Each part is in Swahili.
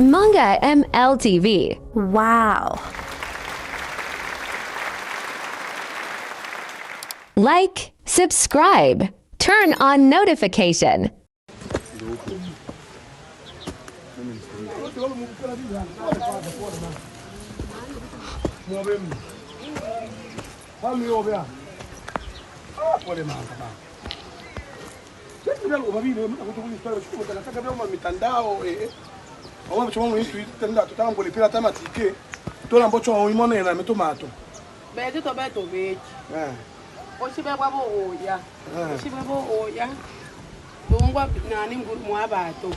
Manga MLTV. Wow. Like, subscribe, turn on notification. Àwọn ọmọ wọn yìí tẹ̀lé dàtọ̀ táwọn gbòlè pínlẹ̀ táwọn àti ike tó náà bọ́ tí wọn ìmọ̀ náà ìrànmí tó máa tọ̀. Bẹ́ẹ̀ títọ́ bẹ́ẹ̀ tó méjì. O ṣí bẹ́ẹ̀ bábọ̀ òòyà. O ṣí bẹ́ẹ̀ bọ̀ òòyà. Òun gbọ́ nàní gùrùmù àbàtò.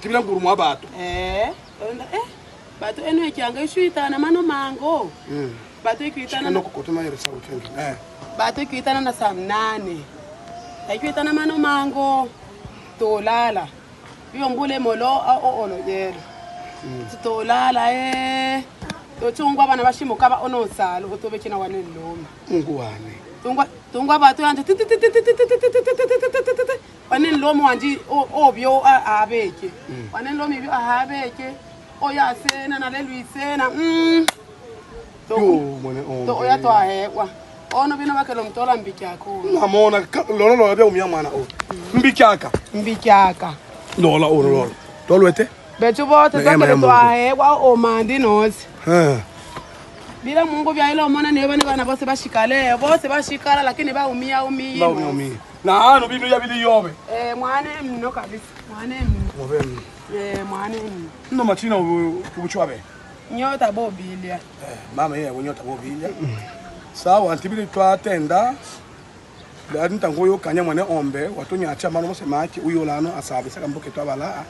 Tìbílẹ̀ gùrùmù àbàtò. Ẹ̀ẹ́ bàtò ẹnu ẹ̀jẹ̀ àgbẹ̀ ṣú ìtànà mánú màngò. Hmm. Bàtò ìkìtànà. Ṣé kókò tó máa yẹrẹ sáwọ́ fẹ́ẹ́ rẹ̀? Bàtò ìkìtànà na sàm náà ni. Ẹ̀jẹ̀ ìtànà mánú màngò tó lálà. uyongibula emolo o-olo yelo sitolala e tocungwa vana va ximoka va onosalo u to ve cina waneni loma unguwane tungwa vatu yanje waneni lomi wanje ovyo a haveke waneni lomi ivyo a haveke oyasena nale lwisena to oya to ahekwa ono vino vake lomtola mbikyaka namona lolo loya vya umya mwana o mbikyaka mbikyaka Lola ona oh, lola. Tolo ete? Betu bote zake ni twa he kwa o mandi nozi. Eh. Bila Mungu vya ile omona ni bana bana bose bashikale, bose bashikala lakini baumia umia. Baumia umia. Na ano bino ya bili yobe. Eh mwane mno kabisa. Mwane mno. Ngobe mno. Eh mwane mno. Ndo matina kubuchwa be. Nyota bobilia. Eh mama yeye eh, nyota bobilia. Sawa antibili twatenda lari ntangoyokanya mwene ombe watonyacha mano mosemaki uyolano asabisa mboke twabala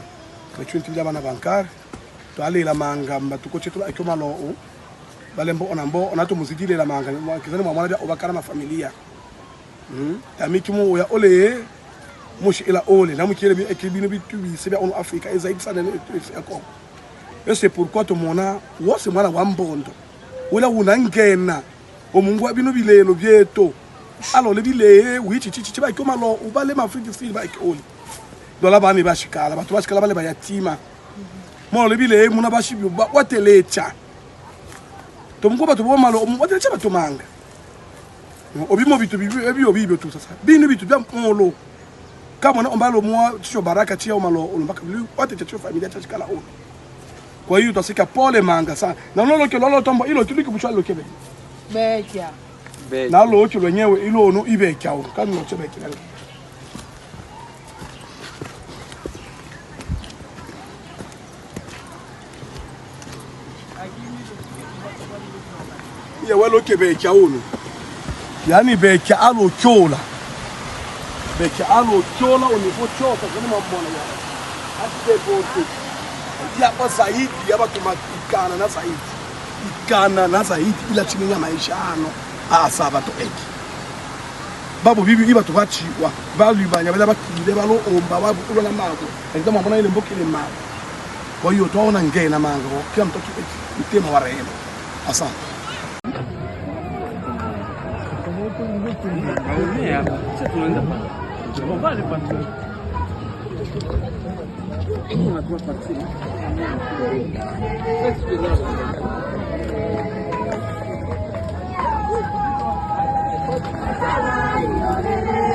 bechu nti byabana bankare twalela mangamba tukoche tula ikomalo u balembo onambo onato muzidile la manga kizani mwana bya obakana na familia mm tamiki mu ya ole mushi ila ole na mukire bi ekibino bitu bise bya ono africa ezaidi sana ne yako ese pourquoi to mona wose mwana wa mbondo ula unangena omungu abino bilelo byeto alọ lédi lè wí títí títí báyìí kí ó máa lọ ó bá lé máa fíríjì sí báyìí ó lè dọ́là bá mi bá ṣì kàlà bàtú bá ṣì kàlà bá lè bàyà tí ma mọ ọ lébi lè múná bá ṣì bí ó tẹ̀lé ẹ̀chà e tó mú kó bàtú bó máa kama na ombalo mwa tisho baraka tia omalo olombaka bilu wote tisho familia tisho kala ono kwa hiyo utasika pole manga sana na lolo ke lolo tombo ilo tuliki buchwa ilo kebe na locho lwenyewe ilonu ibekyawo kandi locho bekilenga ya waloke bekya unu yani bekya alokyola bekya alokyola ulivochoka kani mamona ya zaidi yaba kumaikana na zaidi ikana na zaidi ila chini ya maisha e ano asa bato eki babu bibi iba tubachi wa balu banya bala bakile balo omba babu ulo na mago ndio mbona ile mboki ile mago kwa hiyo tuona ngee na manga kila mtoto mtema wa rehema asante Thank you.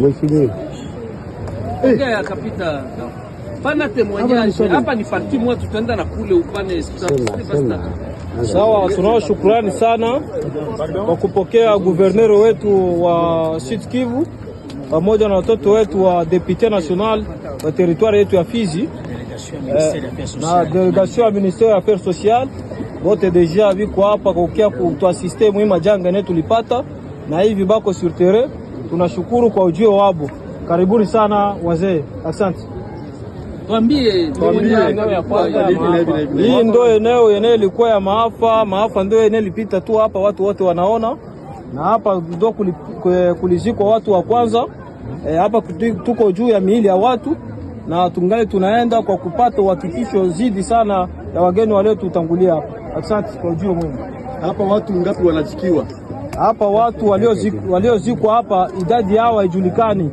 Mheshimiwa eh. akapita pana temwanyaji hapa ni parti moja, tutaenda na kule upande sawa. Tunao shukrani sana kwa kupokea guverneur wetu wa Sud Kivu pamoja na watoto wetu wa depute national wa territoire yetu ya Fizi eh, na delegation ya ministere ya affaires sociale bote deja viko hapa kwa kukia kutuasiste mwima janga ne tulipata na hivi bako sur terrain tunashukuru kwa ujio wabo. Karibuni sana wazee, asante. Tuambie, hii ndo eneo eneo ilikuwa ya maafa. Maafa ndio eneo ilipita tu hapa, watu wote wanaona, na hapa ndo kulizikwa watu wa kwanza e, hapa. E, tuko juu ya miili ya watu na tungali tunaenda kwa kupata uhakikisho zidi sana ya wageni waliotutangulia hapa. Asante kwa ujio mwema. Hapa watu ngapi wanajikiwa? hapa watu waliozikwa hapa, idadi yao haijulikani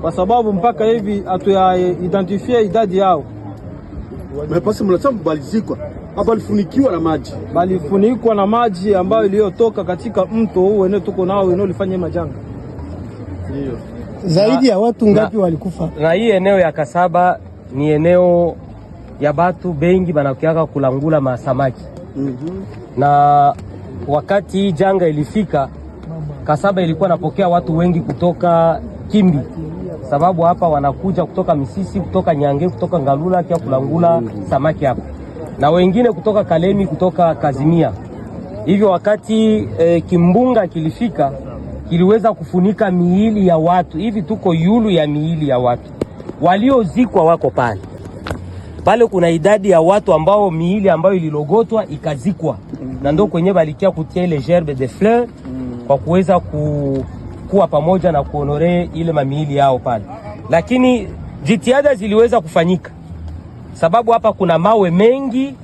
kwa sababu mpaka hivi hatuyaidentifie idadi yao. Mnapasa mnasema balizikwa hapa, alifunikiwa na maji, balifunikwa na maji ambayo iliyotoka katika mto huu weneo tuko nao weneo lifanya majanga. Ndio zaidi ya watu ngapi walikufa? Na hii eneo ya Kasaba ni eneo ya batu bengi banakiaka kulangula masamaki mm -hmm. na wakati hii janga ilifika, Kasaba ilikuwa napokea watu wengi kutoka Kimbi, sababu hapa wanakuja kutoka Misisi, kutoka Nyange, kutoka Ngalula kia kulangula samaki hapa, na wengine kutoka Kalemi, kutoka Kazimia. Hivyo wakati e, kimbunga kilifika kiliweza kufunika miili ya watu hivi, tuko yulu ya miili ya watu waliozikwa wako pale pale kuna idadi ya watu ambao miili ambayo ililogotwa ikazikwa mm. na ndo kwenye balikia kutia ile gerbe de fleur mm. kwa kuweza ku, kuwa pamoja na kuonore ile mamiili yao pale, lakini jitihada ziliweza kufanyika sababu hapa kuna mawe mengi,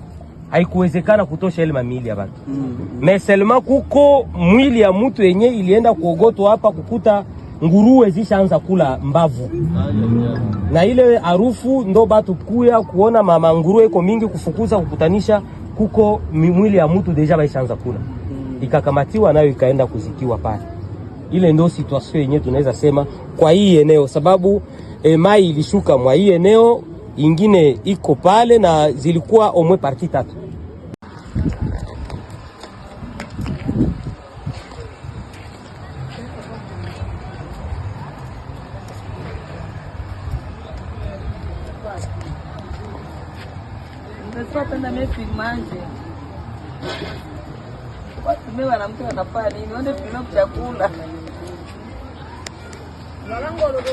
haikuwezekana kutosha ile mamiili ya watu mm. meselema kuko mwili ya mtu yenye ilienda kuogotwa hapa kukuta nguruwe zishaanza kula mbavu na ile harufu ndo batu kuya kuona mama nguruwe iko mingi kufukuza kukutanisha kuko mwili ya mtu deja baishaanza kula, ikakamatiwa nayo ikaenda kuzikiwa pale. Ile ndo situation yenyewe tunaweza sema kwa hii eneo, sababu e, mai ilishuka mwa hii eneo ingine iko pale na zilikuwa omwe parti tatu.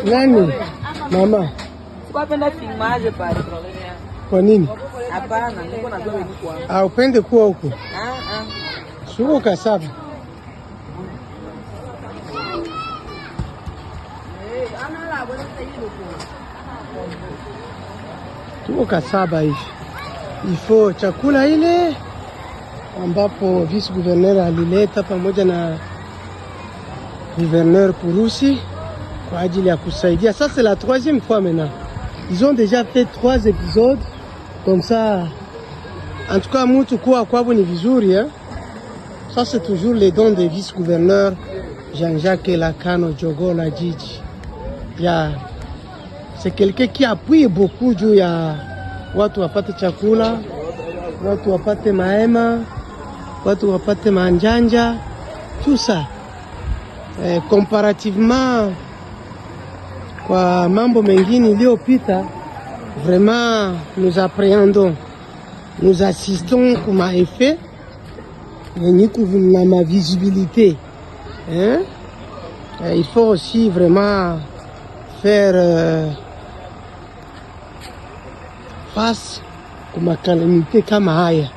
nani? Mama Kwa nini? Hapana, ah, upende kuwa huko? Ah ah. kasaba. Eh, Il faut hivi ifo chakula ile ambapo vice gouverneur alileta pamoja na gouverneur Kurusi kwa ajili ya kusaidia. Ça c'est la troisième fois maintenant, ils ont déjà fait trois épisodes comme ça. En tout cas mutu kuwa kwavo ni vizuri hein? Ça c'est toujours les dons des vice gouverneur Jean-Jacques Lacano Jogola Jiji ya c'est quelqu'un qui appuie beaucoup à ya watu wapate chakula, watu wapate maema, watu wapate manjanja, tout ça eh, comparativement quoi mambo au iliyopita, vraiment nous appréhendons nous assistons kuma effet ni avons ma visibilité hein? eh, il faut aussi vraiment faire euh, nafasi kwa makalamite kama haya.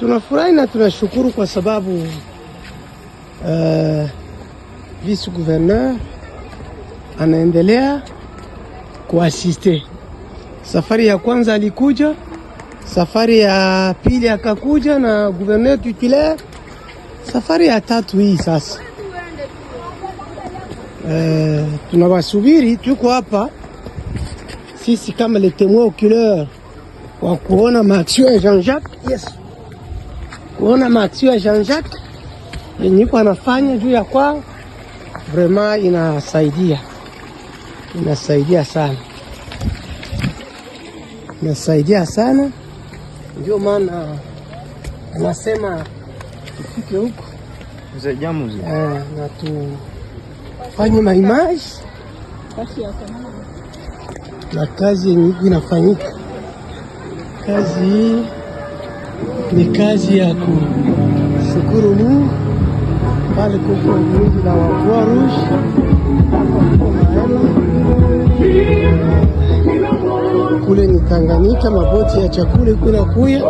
Tunafurahi na tunashukuru kwa sababu uh, vice gouverneur anaendelea kuasiste. Safari ya kwanza alikuja, safari ya pili akakuja na gouverneur titulaire, safari ya tatu hii sasa. Uh, tunawasubiri, tuko hapa sisi kama le temoin oculaire wa kuona Mathieu ya Jean Jacques, yes, kuona Mathieu ya Jean Jacques niko anafanya juu ya kwao, vraiment inasaidia, inasaidia sana, inasaidia sana. Ndio maana anasema tufike huko na tufanye maimaji na kazi yenye inafanyika. Kazi hii ni kazi ya kushukuru Mungu, pale kuko mingi na wakua kule ni Tanganyika, maboti ya chakula kuna kuya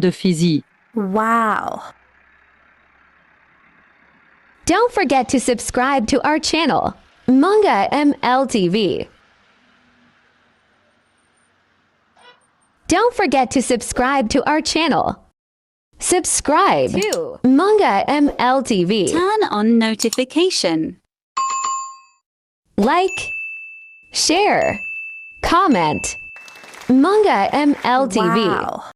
pounds de Wow. Don't forget to subscribe to our channel, Manga MLTV. Don't forget to subscribe to our channel. Subscribe to Manga MLTV. Turn on notification. Like, share, comment. Manga MLTV. Wow.